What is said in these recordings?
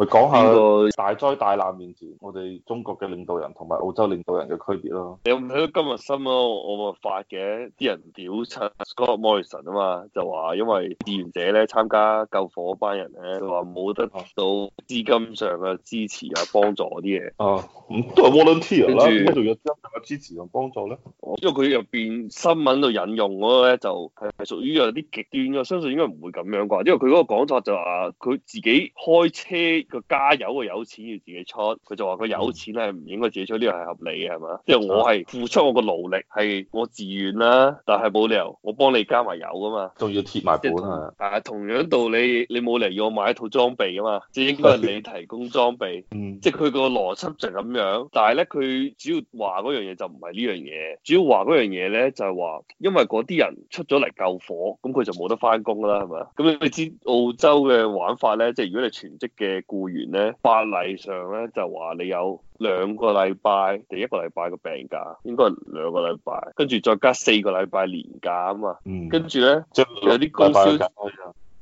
咪講下個大災大難面前，我哋中國嘅領導人同埋澳洲領導人嘅區別咯。你有睇到今日新聞，我我發嘅啲人屌七 Scott Morrison 啊嘛，就話因為志願者咧參加救火班人咧，話冇得到資金上嘅支持啊幫助嗰啲嘢。啊，都係 volunteer 啦，咩叫做資金上嘅支持同幫助咧？因為佢入邊新聞度引用嗰個咧，就係、係、屬於有啲極端嘅，相信應該唔會咁樣啩。因為佢嗰個講法就話佢自己開車。個加油個油錢要自己出，佢就話個油錢咧係唔應該自己出，呢樣係合理嘅係嘛？嗯、即係我係付出我個勞力係我自願啦，但係冇理由我幫你加埋油噶嘛，仲要貼埋本啊！同的但係同樣道理，你冇理由要我買一套裝備噶嘛，即係應該係你提供裝備。 嗯、即係佢個邏輯就咁樣，但係咧佢主要話嗰樣嘢就唔係呢樣嘢，主要話嗰樣嘢咧就係話，因為嗰啲人出咗嚟救火，咁佢就冇得翻工啦，係嘛？咁你知澳洲嘅玩法咧，即係如果你全職嘅雇員咧，法例上咧就話你有兩個禮拜定一個禮拜嘅病假，應該係兩個禮拜，跟住再加四個禮拜年假啊嘛，嗯，跟住咧就有啲公司。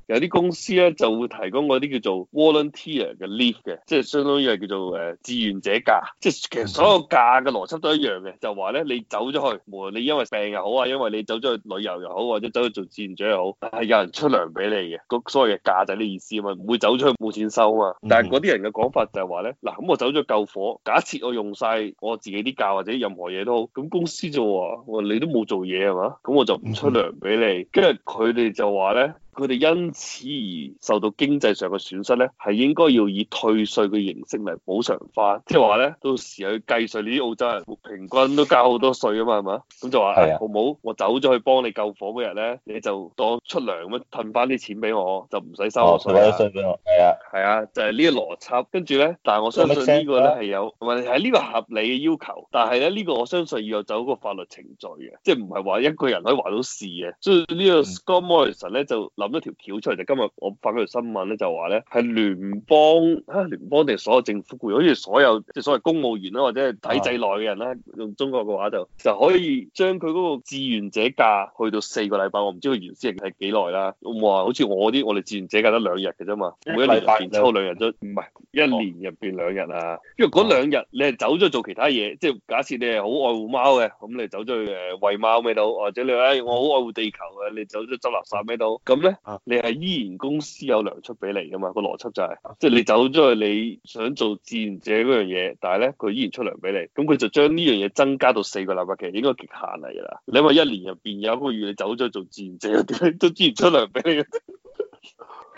有啲公司咧就會提供嗰啲叫做 volunteer 嘅 leave 嘅，即係相當於係叫做誒、呃、志願者假，即係其實所有假嘅邏輯都一樣嘅，就話咧你走咗去，無論你因為病又好啊，因為你走咗去旅遊又好，或者走去做志願者又好，係有人出糧俾你嘅，所謂嘅假就係呢意思嘛，唔會走出去冇錢收嘛？但係嗰啲人嘅講法就係話咧，嗱咁我走咗救火，假設我用晒我自己啲假或者任何嘢都好，咁公司就話，你都冇做嘢係嘛？咁我就唔出糧俾你，跟住佢哋就話咧。佢哋因此而受到經濟上嘅損失咧，係應該要以退稅嘅形式嚟補償翻，即係話咧到時去計稅，你啲澳洲人平均都交好多稅啊嘛，係嘛？咁就話的、哎、好唔好？我走咗去幫你救火嗰日咧，你就當出糧咁，褪翻啲錢俾我，就唔使收我稅啦。係啊，係啊、哦，就係、是、呢個邏輯。跟住咧，但係我相信呢個咧係有，唔係係呢個合理嘅要求。但係咧呢、這個我相信要有走個法律程序嘅，即係唔係話一個人可以話到事嘅。所以呢個 Scott Morrison 咧、嗯、就咁多條橋出嚟，就是、今日我發嗰條新聞咧就話咧係聯邦嚇、啊、聯邦定所有政府僱員，好似所有即係所謂公務員啦或者體制內嘅人啦的用中國嘅話就就可以將佢嗰個志願者假去到四個禮拜。我唔知佢原始係幾耐啦，哇，好似我啲我哋志願者假得兩日嘅啫嘛，每一個禮拜抽兩日，都唔係一年入邊兩日啊，因為嗰兩日你係走咗做其他嘢。即係假設你係好愛護貓嘅，咁你走咗去誒餵貓咩到，或者你話、哎、我好愛護地球嘅，你走咗執垃圾咩到咁啊、你係依然公司有糧出俾你噶嘛？個邏輯就係、是，即係你走咗去你想做志願者嗰樣嘢，但係咧佢依然出糧俾你，咁佢就將呢樣嘢增加到四個禮拜期，應該極限嚟啦。你話一年入邊有一個月你走咗去做志願者，都依然出糧俾你。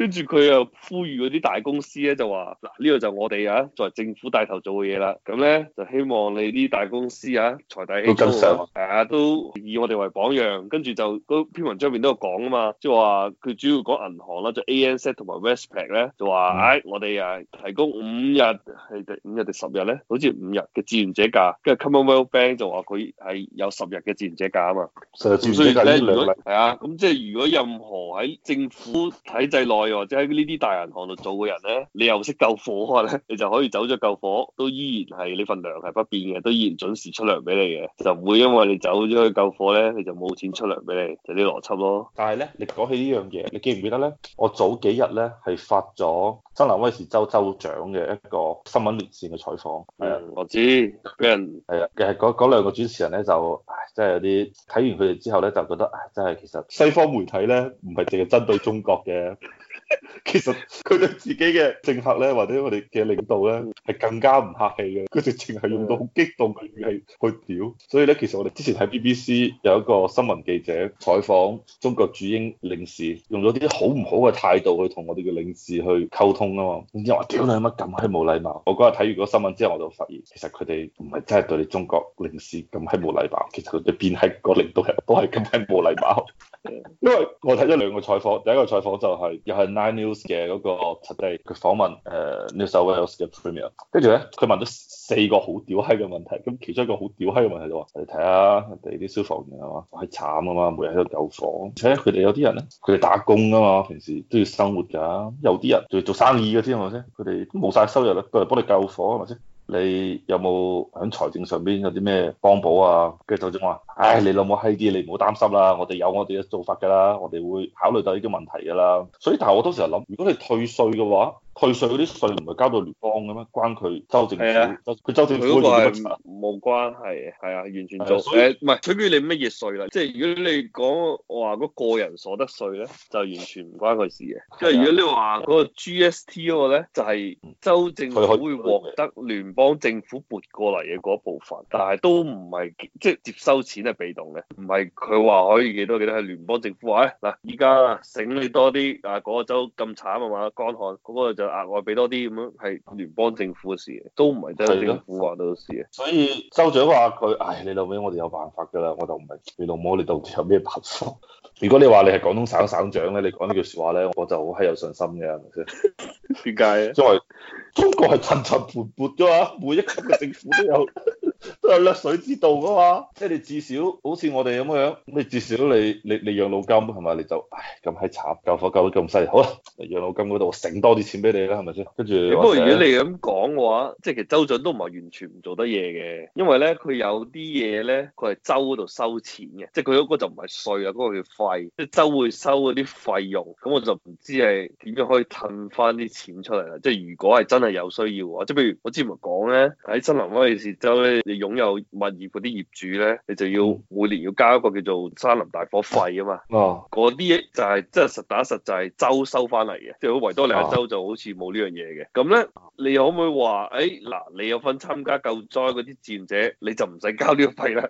跟住佢又呼籲嗰啲大公司咧，就話嗱呢個就我哋啊，作為政府帶頭做嘅嘢啦。咁咧就希望你啲大公司啊，財大氣粗，係啊，都以我哋為榜樣。跟住就篇文章入邊都有講啊嘛，即係話佢主要講銀行啦，就 ANZ 同埋 Westpac 咧，就話唉、嗯哎，我哋啊提供五日係五日定、well、十日咧，好似五日嘅志願者假。跟住 Commonwealth Bank 就話佢係有十日嘅志願者假啊嘛。實在最需要緊呢兩日係啊，咁即係如果任何喺政府體制內。嗯 或者喺呢啲大銀行度做嘅人咧，你又識救火咧、啊，你就可以走咗救火，都依然係你份糧係不變嘅，都依然準時出糧俾你嘅，就唔會因為你走咗去救火咧，你就冇錢出糧俾你，就啲、是、邏輯咯。但係咧，你講起呢樣嘢，你記唔記得咧？我早幾日咧係發咗新南威士州州，州長嘅一個新聞連線嘅採訪，係啊、嗯，我知，俾人係啊，係嗰嗰兩個主持人咧就，唉，真係有啲睇完佢哋之後咧就覺得，唉，真係其實西方媒體咧唔係淨係針對中國嘅。 其實佢對自己嘅政客咧，或者我哋嘅領導咧，係更加唔客氣嘅。佢哋淨係用到好激動嘅語氣去屌。所以咧，其實我哋之前睇 BBC 有一個新聞記者採訪中國駐英領事，用咗啲好唔好嘅態度去同我哋嘅領事去溝通啊嘛然。然之後我屌你乜咁閪冇禮貌！我嗰日睇完嗰個新聞之後，我就發現其實佢哋唔係真係對你中國領事咁閪冇禮貌，其實佢哋變係個領導人都係咁閪冇禮貌。 因為我睇咗兩個採訪，第一個採訪就係又係。《Daily News》嘅嗰個，即係佢訪問誒、呃《New South Wales》嘅 Premier，跟住咧佢問咗四個好屌閪嘅問題，咁其中一個好屌閪嘅問題就話：你睇下人哋啲消防員係嘛，係慘噶嘛，每日喺度救火，而且佢哋有啲人咧，佢哋打工噶嘛，平時都要生活㗎，有啲人就做生意嗰啲，係咪先？佢哋都冇晒收入啦，都嚟幫你救火，係咪先？你有冇喺財政上邊有啲咩幫補啊？跟住總理話：，唉、哎，你老母閪啲，你唔好擔心啦，我哋有我哋嘅做法㗎啦，我哋會考慮到呢啲問題㗎啦。所以，但係我當時又諗，如果你退稅嘅話，退稅嗰啲稅唔係交到聯邦嘅咩？關佢州政府，佢、啊、州，州政府嗰個係冇關係，係啊，完全做唔係。取決於、啊欸、你乜嘢稅啦？即係如果你講話嗰個人所得稅咧，就完全唔關佢事嘅。啊、即係如果你話嗰個 GST 嗰咧，就係、是、州政府會獲得聯邦政府撥過嚟嘅嗰部分，啊、但係都唔係即係接收錢係被動嘅，唔係佢話可以幾多幾多，係聯邦政府話咧。嗱、哎，依家省你多啲啊，嗰、那個州咁慘啊嘛，乾旱嗰就。額外俾多啲咁樣係聯邦政府嘅事的，都唔係真係政府話到事。所以州長話佢，唉、哎，你老尾我哋有辦法㗎啦，我就唔係。你老母你到底有咩辦法？ 如果你話你係廣東省省、省長咧，你講呢句說話咧，我就好閪有信心嘅，係咪先？點解咧？因為中國係層層盤剝㗎嘛，每一級嘅政府都有 都有掠水之道㗎嘛。即係你至少好似我哋咁樣，你至少你你你、你、你養老金係咪？你就唉咁閪慘，救火救得咁犀利。好啦，你養老金嗰度剩多啲錢俾。你咧係咪先？跟住不過如果你咁講嘅話，即係其實州長都唔係完全唔做得嘢嘅，因為咧佢有啲嘢咧，佢係州嗰度收錢嘅，即係佢嗰個就唔係稅啊，嗰個叫費，即係州會收嗰啲費用。咁我就唔知係點樣可以褪翻啲錢出嚟啦。即係如果係真係有需要啊，即係譬如我之前咪講咧，喺新南威爾士州咧，你擁有物業嗰啲業主咧，你就要每年要交一個叫做山林大火費啊嘛。哦、啊，嗰啲就係即係實打實就係州收翻嚟嘅，即好維多利亞州就好、啊。似冇呢樣嘢嘅，咁咧你又可唔可以話誒嗱，你有份參加救災嗰啲志願者，你就唔使交呢個費啦。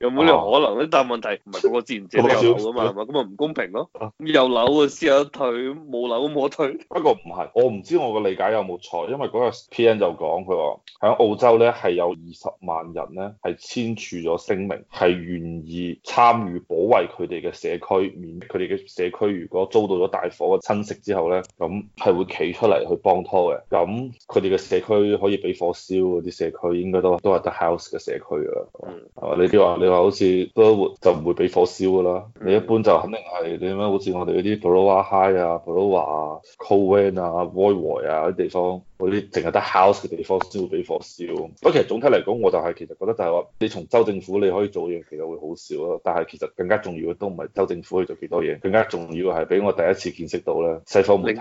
有冇呢個可能咧？啊、但問題唔係個個志願者都有噶嘛，係嘛？咁啊唔公平咯。有 樓先有得退，冇樓都冇得退。不過唔係，我唔知我個理解有冇錯，因為嗰日 P N 就講，佢話喺澳洲咧係有二十萬人咧係簽署咗聲明，係願意參與保衞佢哋嘅社區，免佢哋嘅社區如果遭到咗大火嘅侵蝕之後咧，咁係會企出嚟去幫拖嘅，咁佢哋嘅社區可以俾火燒嗰啲社區，應該都都係得 house 嘅社區㗎。嗯、mm，係、hmm. 你啲話你話好似都就唔會俾火燒㗎啦。Mm hmm. 你一般就肯定係你點樣？好似我哋嗰啲 Peruwa High 啊、Peruwa 啊、Covent 啊、Voiy 啊啲地方，嗰啲淨係得 house 嘅地方先會俾火燒。不過其實總體嚟講，我就係其實覺得就係話，你從州政府你可以做嘢其實會好少咯。但係其實更加重要嘅都唔係州政府可以做幾多嘢，更加重要係俾我第一次見識到咧，西方媒體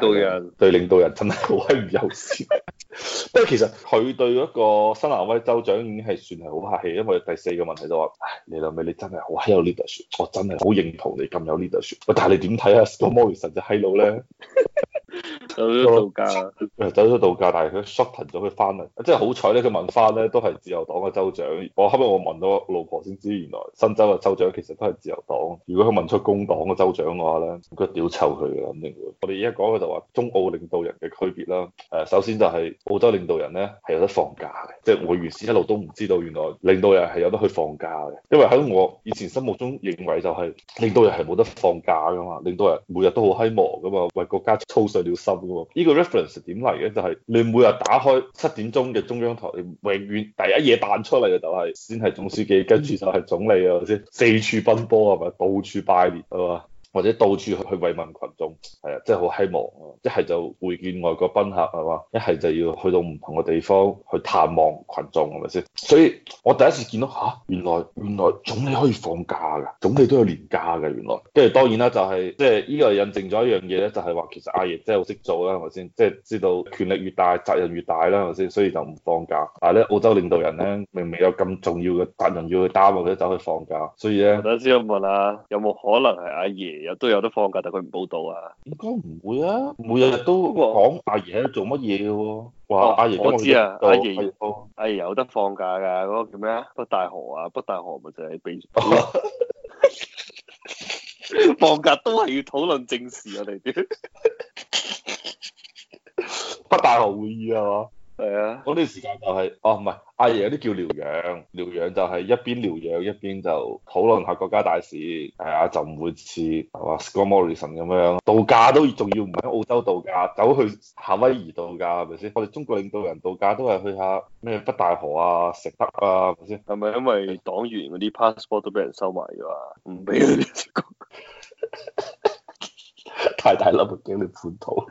對領導人。真係好閪唔友善，不過 其實佢對一個新南威州長已經係算係好客氣，因為第四個問題就話：喂，你老味你真係好閪有 leadership，我真係好認同你咁有 leadership。但係你點睇啊，Scott Morrison 隻閪佬咧？ 走咗度假，誒走咗度假，但係佢 shorten 咗佢翻嚟，即係好彩咧，佢問翻咧都係自由黨嘅州長。我後屘我問到老婆先知，原來新州嘅州長其實都係自由黨。如果佢問出工黨嘅州長嘅話咧，佢屌臭佢嘅肯定會。我哋而家講嘅就話中澳領導人嘅區別啦。誒，首先就係澳洲領導人咧係有得放假嘅，即係我原先一路都唔知道，原來領導人係有得去放假嘅。因為喺我以前心目中認為就係領導人係冇得放假噶嘛，領導人每日都好希望噶嘛，為國家操碎了心。呢個 reference 點嚟嘅？就係、是、你每日打開七點鐘嘅中央台，你永遠第一嘢彈出嚟嘅就係先係總書記，跟住就係總理啊，先四處奔波係咪？到處拜年啊。是或者到處去去慰問群眾，係啊，即係好希望，一係就會見外國賓客啊嘛，一係就要去到唔同嘅地方去探望群眾，係咪先？所以我第一次見到嚇、啊，原來原來，原來總理可以放假㗎，總理都有年假㗎，原來。跟住當然啦、就係，就係即係呢個印證咗一樣嘢咧，就係話其實阿爺真係好識做啦，係咪先？即係知道權力越大責任越大啦，係咪先？所以就唔放假。但係咧澳洲領導人咧，明明有咁重要嘅責任要去擔，佢都走去放假，所以咧。等陣先問啊，有冇可能係阿爺？有都有得放假，但佢唔報道啊？應該唔會啊！每日都講阿爺喺度做乜嘢嘅喎？哇！阿爺、啊啊、我知啊，阿爺阿爺有得放假㗎，嗰、嗰個叫咩啊？北大河啊，北大河咪就係被 放假都係要討論正事啊！你知 北大河會議啊嘛？係啊，嗰段時間就係、是，哦唔係，阿爺有啲叫療養，療養就係一邊療養一邊就討論下國家大事，係啊，就唔會似係話，Scott Morrison 咁樣，度假都仲要唔喺澳洲度假，走去夏威夷度假係咪先？我哋中國領導人度假都係去下咩北戴河啊、承德啊，係咪先？係咪因為黨員嗰啲 passport 都俾人收埋咗啊？唔俾你出國， 太大粒驚你叛徒。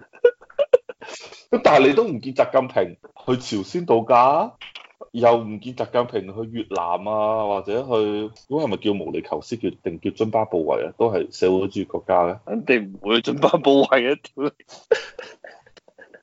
咁但係你都唔見習近平去朝鮮度假，又唔見習近平去越南啊，或者去，咁係咪叫毛里求斯叫定叫津巴布韋啊？都係社會主義國家咧，肯定唔會津巴布韋啊！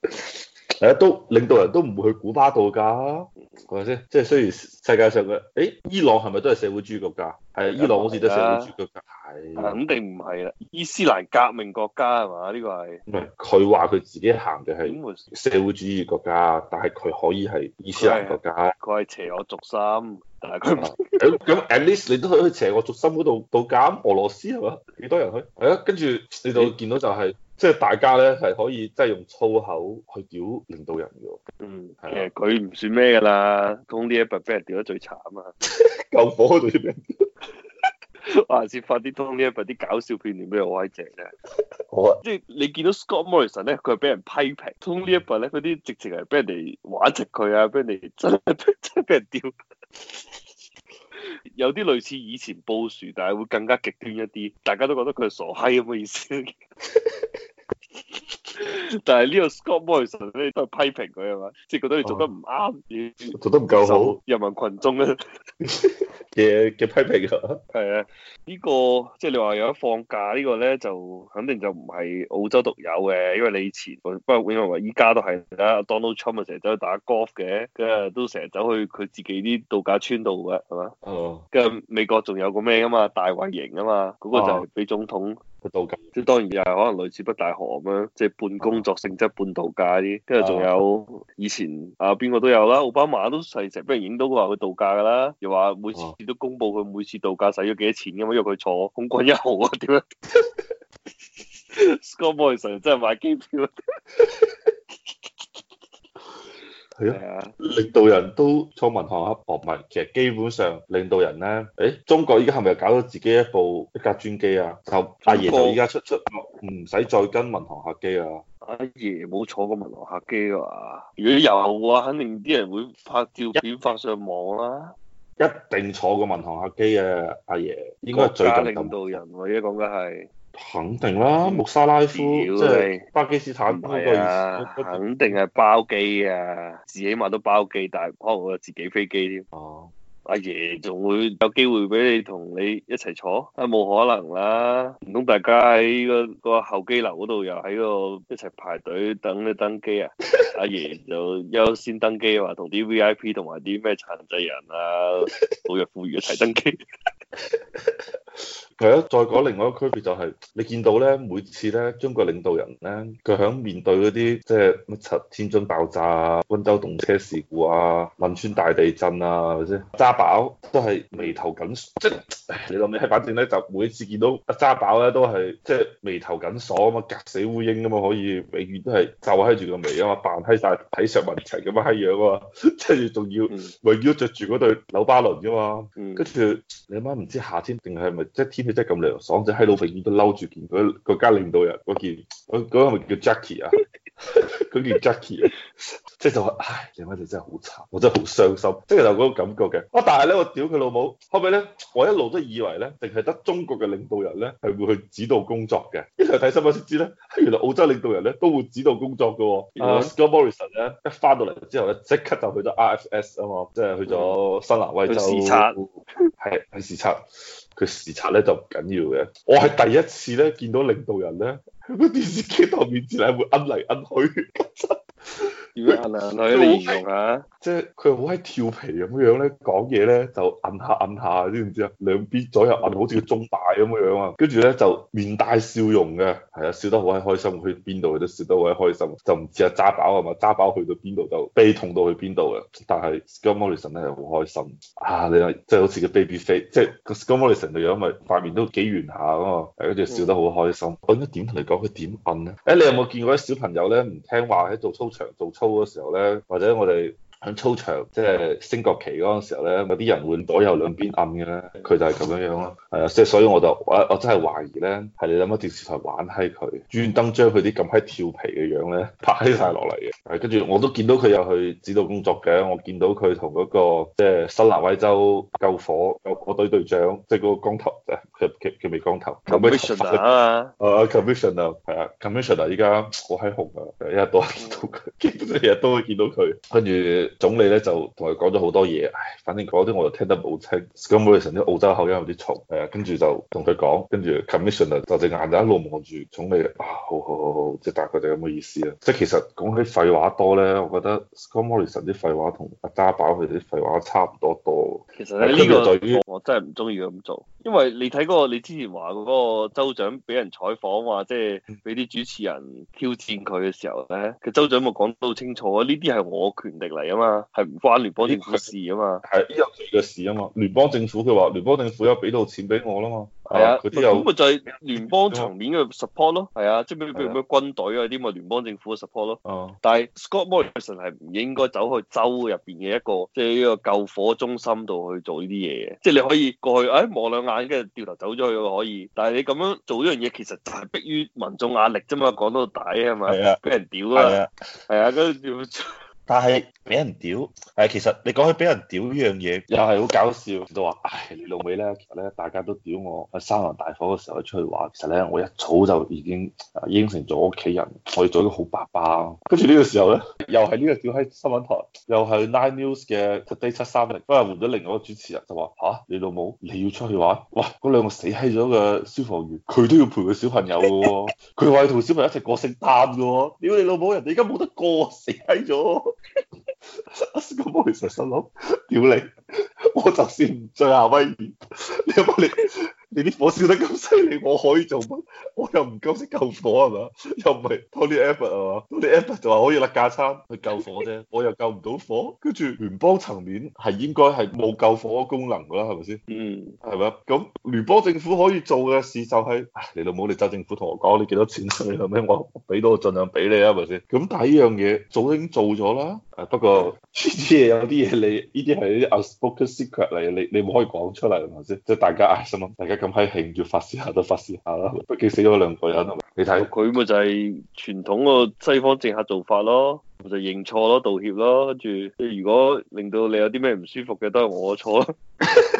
係都領導人都唔會去古巴度假，啊，係咪先？即係雖然世界上嘅，誒、欸，伊朗係咪都係社會主義國家？係啊，的伊朗好似都係社會主義國家，啊，係肯定唔係啦，伊斯蘭革命國家係嘛？呢、這個係唔係佢話佢自己行嘅係社會主義國家，但係佢可以係伊斯蘭國家，佢係邪惡族心。咁咁，At least 你都去邪惡軸心嗰度度假。俄羅斯係嘛，幾多人去？係啊，跟住你就見到就係，即係大家咧係可以即係用粗口去屌領導人嘅。嗯，其實佢唔算咩噶啦，Tony Abbott 俾人屌得最慘啊！夠 火到啲咩？下 次發啲 Tony Abbott 啲搞笑片點俾我歪正好啊， 即係你見到 Scott Morrison 咧，佢係俾人批評，Tony Abbott 咧，嗰啲直情係俾人哋玩窒佢啊，俾人哋真係真係俾人屌。 有啲類似以前布殊，但係會更加極端一啲，大家都覺得佢係傻閪咁嘅意思。 但係呢個 Scott Morrison 咧都批評佢係嘛，即係覺得你做得唔啱，做得唔夠好，人民群眾咧嘅嘅批評咯。係啊，呢、呢個即係你話有一放假個呢個咧，就肯定就唔係澳洲獨有嘅，因為你以前，不過我認為依家都係 Donald Trump 咪成日走去打 golf 嘅，跟住都成日走去佢自己啲度假村度嘅，係嘛？跟住、oh. 美國仲有個咩噶嘛，大衛營啊嘛，嗰個就係俾總統。Oh. 度假即係當然又係可能類似北戴河咁啦，即、就、係、是、半工作性質半度假啲，跟住仲有以前啊邊個都有啦，奧巴馬都成成俾人影到佢話去度假噶啦，又話每次都公布佢每次度假使咗幾多錢咁樣，因為佢坐空軍一號啊，點樣？Schoolboy 成日真係買機票。 係咯，啊、領導人都坐民航客機，其實基本上領導人咧，誒、欸，中國依家係咪搞到自己一部一架專機啊？爺就阿爺就依家出國出唔使再跟民航客機啊爺。阿爺冇坐過民航客機啊？如果有啊，肯定啲人會拍照片發上網啦、啊。一定坐過民航客機啊！阿、啊、爺應該係最緊要領導人、啊，依家講緊係。肯定啦，穆沙拉夫即係巴基斯坦嚟啊，肯定係包機啊，自起碼都包機，但係可能我自己飛機添。哦，阿爺仲會有機會俾你同你一齊坐？啊，冇可能啦，唔通大家喺、那個、那個后機樓嗰度又喺度一齊排隊等你登機啊？ 阿爺就優先登機啊，話同啲 V I P 同埋啲咩殘疾人啊，老弱婦孺一齊登機。 係啊，再講另外一個區別就係你見到咧，每次咧中國領導人咧，佢響面對嗰啲即係乜七天津爆炸啊、溫州動車事故啊、汶川大地震啊，係咪先？揸飽都係眉頭緊鎖，即係你諗你係反正咧，就每次見到一揸飽咧都係即係眉頭緊鎖啊嘛，夾死烏蠅啊嘛，可以永遠都係、啊、皺喺住個眉啊嘛，扮閪晒睇石文齊咁樣閪樣啊嘛，跟住仲要永遠着住嗰對紐巴倫噶嘛，跟住你阿媽唔知夏天定係咪即係天即係咁涼，爽仔喺度肥面都嬲住件嗰嗰國家領導人嗰件，嗰嗰係咪叫 Jackie 啊？佢件 Jackie，啊，即係就唉，你媽你真係好慘，我真係好傷心，即係就嗰個感覺嘅、啊。我但係咧，我屌佢老母，後尾咧，我一路都以為咧，淨係得中國嘅領導人咧係會去指導工作嘅。一條睇新聞先知咧，原來澳洲領導人咧都會指導工作噶。啊、uh,，Scott Morrison 咧一翻到嚟之後咧，即刻就去咗 RFS 啊嘛，即係去咗新南威州視察，係係視察。 佢視察咧就唔緊要嘅，我係第一次咧見到領導人咧，喺個電視機鏡頭面前咧，會摁嚟摁去。 如果男女形容啊，即係佢好閪調皮咁樣咧，講嘢咧就摁下摁下，知唔知啊？兩邊左右摁好似個鐘擺咁樣啊！跟住咧就面帶笑容嘅，係啊，笑得好閪開心。去邊度佢都笑得好閪開心，就唔知啊揸飽係嘛？揸飽去到邊度就悲痛到去邊度啊。但係 Scott Morrison 咧係好開心啊！你係即係好似個 baby face，即係 Scott Morrison 嘅樣咪，塊面都幾圓下噶嘛，跟住、啊、笑得好開心。應該點同你講佢點摁咧？誒、欸，你有冇見過啲小朋友咧唔聽話喺做操場做？收嘅時候咧，或者我哋。喺操場，即係升國旗嗰個時候咧，有啲人會左右兩邊暗嘅咧，佢就係咁樣樣咯。係啊，即係所以我就我我真係懷疑咧，係你諗下電視台玩閪佢，專登將佢啲咁閪調皮嘅樣咧拍起晒落嚟嘅。係，跟住我都見到佢有去指導工作嘅，我見到佢同嗰個即係新南威州救火救火隊隊長，即係嗰個光頭，誒佢佢佢未光頭 Commissioners, uh, commissioner 啊，commissioner 係啊，commissioner 依家好閪紅啊，日日都 日都見到佢，基本上日日都會見到佢，跟住。總理咧就同佢講咗好多嘢，反正嗰啲我就聽得冇好清。Scott Morrison 啲澳洲口音有啲重，誒、嗯，跟住、er、就同佢講，跟住 Commissioner 就隻眼就一路望住總理，啊，好好好好，即係、就是、大概就咁嘅意思啦。即係其實講起廢話多咧，我覺得 Scott Morrison 啲廢話同阿加保佢啲廢話差唔多多。其實咧呢、這個、嗯、我真係唔中意咁做，因為你睇嗰個你之前話嗰個州長俾人採訪，即係俾啲主持人挑戰佢嘅時候咧，佢 州長咪講得好清楚啊，呢啲係我權力嚟啊嘛。嘛，係唔關聯邦政府嘅事啊嘛，係呢樣嘢嘅事啊嘛，聯邦政府佢話聯邦政府有俾到錢俾我啦嘛，係的啊，佢都有咁咪就係聯邦層面嘅 support 咯，係啊，即係比如咩軍隊啊啲咪聯邦政府嘅 support 咯，嗯，但係 Scott Morrison 係唔應該走去州入邊嘅一個即係呢個救火中心度去做呢啲嘢嘅，即係你可以過去唉，望兩眼，跟住掉頭走咗去就可以，但係你咁樣做呢樣嘢其實就係迫於民眾壓力啫嘛，講到底係嘛，俾的人屌啦，係啊，跟要，但係。俾人屌，係其實你講起俾人屌呢樣嘢，又係好搞笑。就話，唉，你老味咧，其實咧，大家都屌我。喺三狼大火嘅時候，我出去玩。其實咧，我一早就已經應承咗屋企人，我要做一個好爸爸，啊。跟住呢個時候咧，又係呢個屌閪新聞台，又係 Nine News 嘅 Today 七三零，不過換咗另外一個主持人就，就話嚇你老母，你要出去玩？喂，嗰兩個死閪咗嘅消防員，佢都要陪佢小朋友嘅喎，哦，佢話要同小朋友一齊過聖誕嘅喎，哦。屌你老母，人哋而家冇得過，死閪咗。 咁我成日心諗，屌、啊、你！我就算唔追亞威你有冇你，你啲火燒得咁犀利，我可以做乜？我又唔夠識救火係嘛？又唔係 Tony Abbott 係嘛？Tony Abbott 就話可以甩架餐去救火啫，我又救唔到火。跟住聯邦層面係應該係冇救火功能噶啦，係咪先？嗯，係咪？咁聯邦政府可以做嘅事就係、是，你老母你州政府同我講你幾多錢，你有咩我俾到我盡量俾你啊？係咪先？咁但係呢樣嘢早已經做咗啦。誒，不過呢啲嘢有啲嘢你呢啲係啲 outspoken secret 嚟，你你唔可以講出嚟，係咪先？即係大家安心咯，大家咁喺慶，要發泄下都發泄下啦。畢竟死咗兩個人，你睇佢咪就係傳統個西方政客做法咯。我就認錯咯，道歉咯，跟住如果令到你有啲咩唔舒服嘅，都係我錯咯。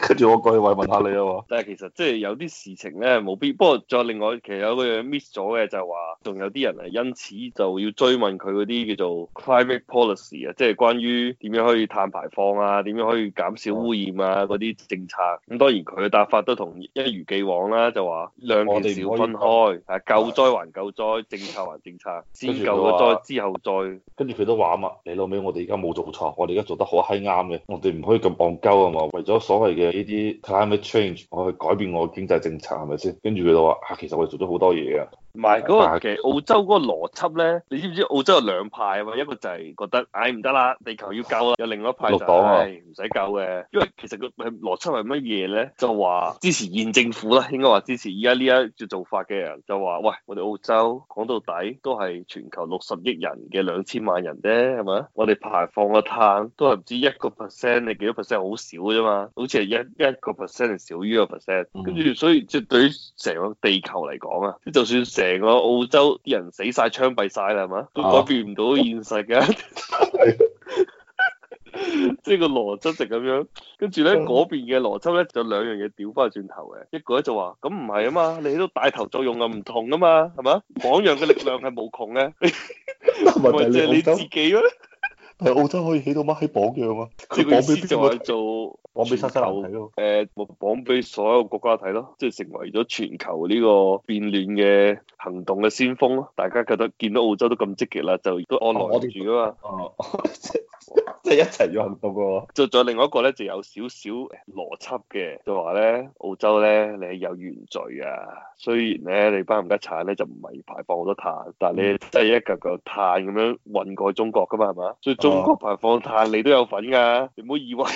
跟 住我過去慰問下你啊嘛。 但係其實即係有啲事情咧冇必，不過再另外其實有個嘢 miss 咗嘅就係話，仲有啲人係因此就要追問佢嗰啲叫做 climate policy 啊，即係關於點樣可以碳排放啊，點樣可以減少污染啊嗰啲、嗯、政策。咁當然佢嘅答法都同一,一如既往啦、啊，就話兩個少分開，係救災還救災，政策還政策，先救個災之後再跟住。佢都話啊，你老味，我哋而家冇做錯，我哋而家做得好閪啱嘅，我哋唔可以咁戇鳩啊嘛，為咗所謂嘅呢啲 climate change，我去改變我嘅經濟政策係咪先？跟住佢就話：「啊，其實我哋做咗好多嘢啊。唔係個，其實澳洲嗰個邏輯咧，你知唔知澳洲有兩派啊？一個就係覺得唉，唔得啦，地球要救啦，有另外一派就係唔使救嘅。因為其實個係邏輯係乜嘢咧？就話支持現政府啦，應該話支持依家呢一做法嘅人就話：，喂，我哋澳洲講到底都係全球六十億人嘅兩千萬人啫，係咪？我哋排放個碳都係唔知一個 percent 定幾多 percent，好少啫嘛。好似係一一個 percent 定少於一個 percent，跟住，所以即係對於成個地球嚟講啊，即就算平咯，澳洲啲人死晒，槍斃晒啦，係嘛？都改變唔到現實嘅，即係個邏輯就咁樣。跟住咧，嗰邊嘅邏輯咧，就兩樣嘢屌翻轉頭嘅。一個咧就話：，咁唔係啊嘛，你都帶頭作用又唔同啊嘛，係嘛？榜樣嘅力量係無窮嘅，唔係即係你自己咯。喺澳洲可以起到乜嘢榜樣啊？即佢綁俾就係做綁俾世界睇咯，誒、呃，綁俾所有國家睇咯，即、就、係、是、成為咗全球呢個變暖嘅行動嘅先鋒咯。大家覺得見到澳洲都咁積極啦，就都安樂住啊嘛。啊 即 係一齊要行動噶、啊、喎，再再另外一個咧，就有少少邏輯嘅，就話咧澳洲咧你係有原罪啊，雖然咧你班唔得產咧就唔係排放好多碳，但係你即係一嚿嚿碳咁樣運過中國噶嘛，係嘛，所以中國排放碳你都有份噶，你唔好以為。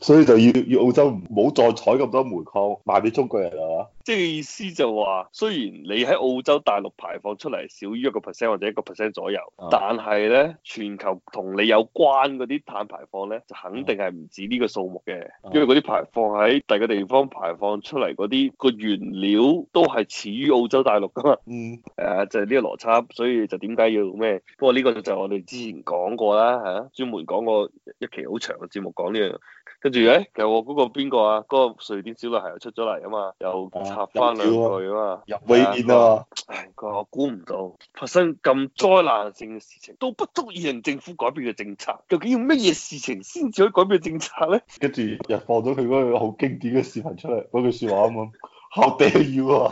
所以就要要澳洲唔好再採咁多煤礦賣俾中國人啦，即係意思就話，雖然你喺澳洲大陸排放出嚟少於一個 percent 或者一個 percent 左右，啊、但係咧全球同你有關嗰啲碳排放咧，就肯定係唔止呢個數目嘅，啊、因為嗰啲排放喺第個地方排放出嚟嗰啲個原料都係始於澳洲大陸噶嘛，誒、嗯啊、就係、是、呢個邏輯，所以就點解要咩？不過呢個就係我哋之前講過啦吓，專門講過一期好長嘅節目講呢樣。跟住，誒，其實我嗰個邊個啊？嗰個瑞典小女孩又出咗嚟啊嘛，又插翻兩句啊嘛，入味啲啊，啊！唉，佢話我估唔到發生咁災難性嘅事情，都不足以令政府改變嘅政策。究竟要乜嘢事情先至可以改變政策咧？跟住又放咗佢嗰個好經典嘅視頻出嚟，嗰句説話咁樣 How dare you！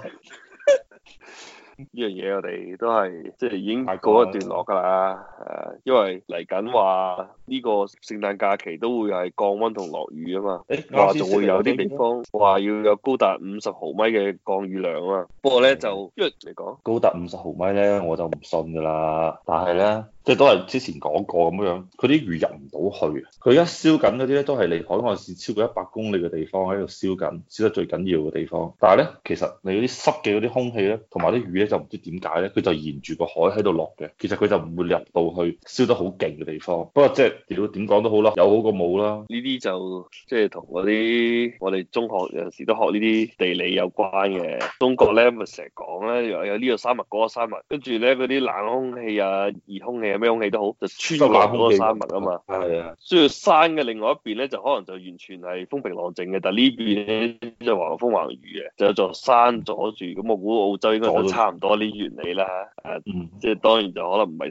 呢樣嘢我哋都係即係已經告一段落㗎啦，誒、啊，因為嚟緊話呢個聖誕假期都會係降溫同落雨啊嘛，誒話、欸、就會有啲地方話要有高達五十毫米嘅降雨量啊嘛，不過咧就因為嚟講高達五十毫米咧我就唔信㗎啦，但係咧即係都係之前講過咁樣樣，佢啲雨入唔到去，佢而家燒緊嗰啲咧都係離海岸線超過一百公里嘅地方喺度燒緊，燒得最緊要嘅地方，但係咧其實你嗰啲濕嘅嗰啲空氣咧同埋啲雨。就唔知點解咧，佢就沿住個海喺度落嘅，其實佢就唔會入到去燒得好勁嘅地方。不過即係點講都好啦，有好過冇啦。呢啲就即係同嗰啲我哋中學有時都學呢啲地理有關嘅。中國咧咪成日講咧，有呢個山脈嗰個山脈，跟住咧嗰啲冷空氣啊、熱空氣啊、咩空氣都好，就穿過嗰個山脈啊嘛。係啊，所以山嘅另外一邊咧，就可能就完全係風平浪靜嘅，但呢邊咧即係橫風橫雨嘅，就有座山阻住。咁我估澳洲應該好差。多啲原理啦嚇，誒，即係當然就可能唔係。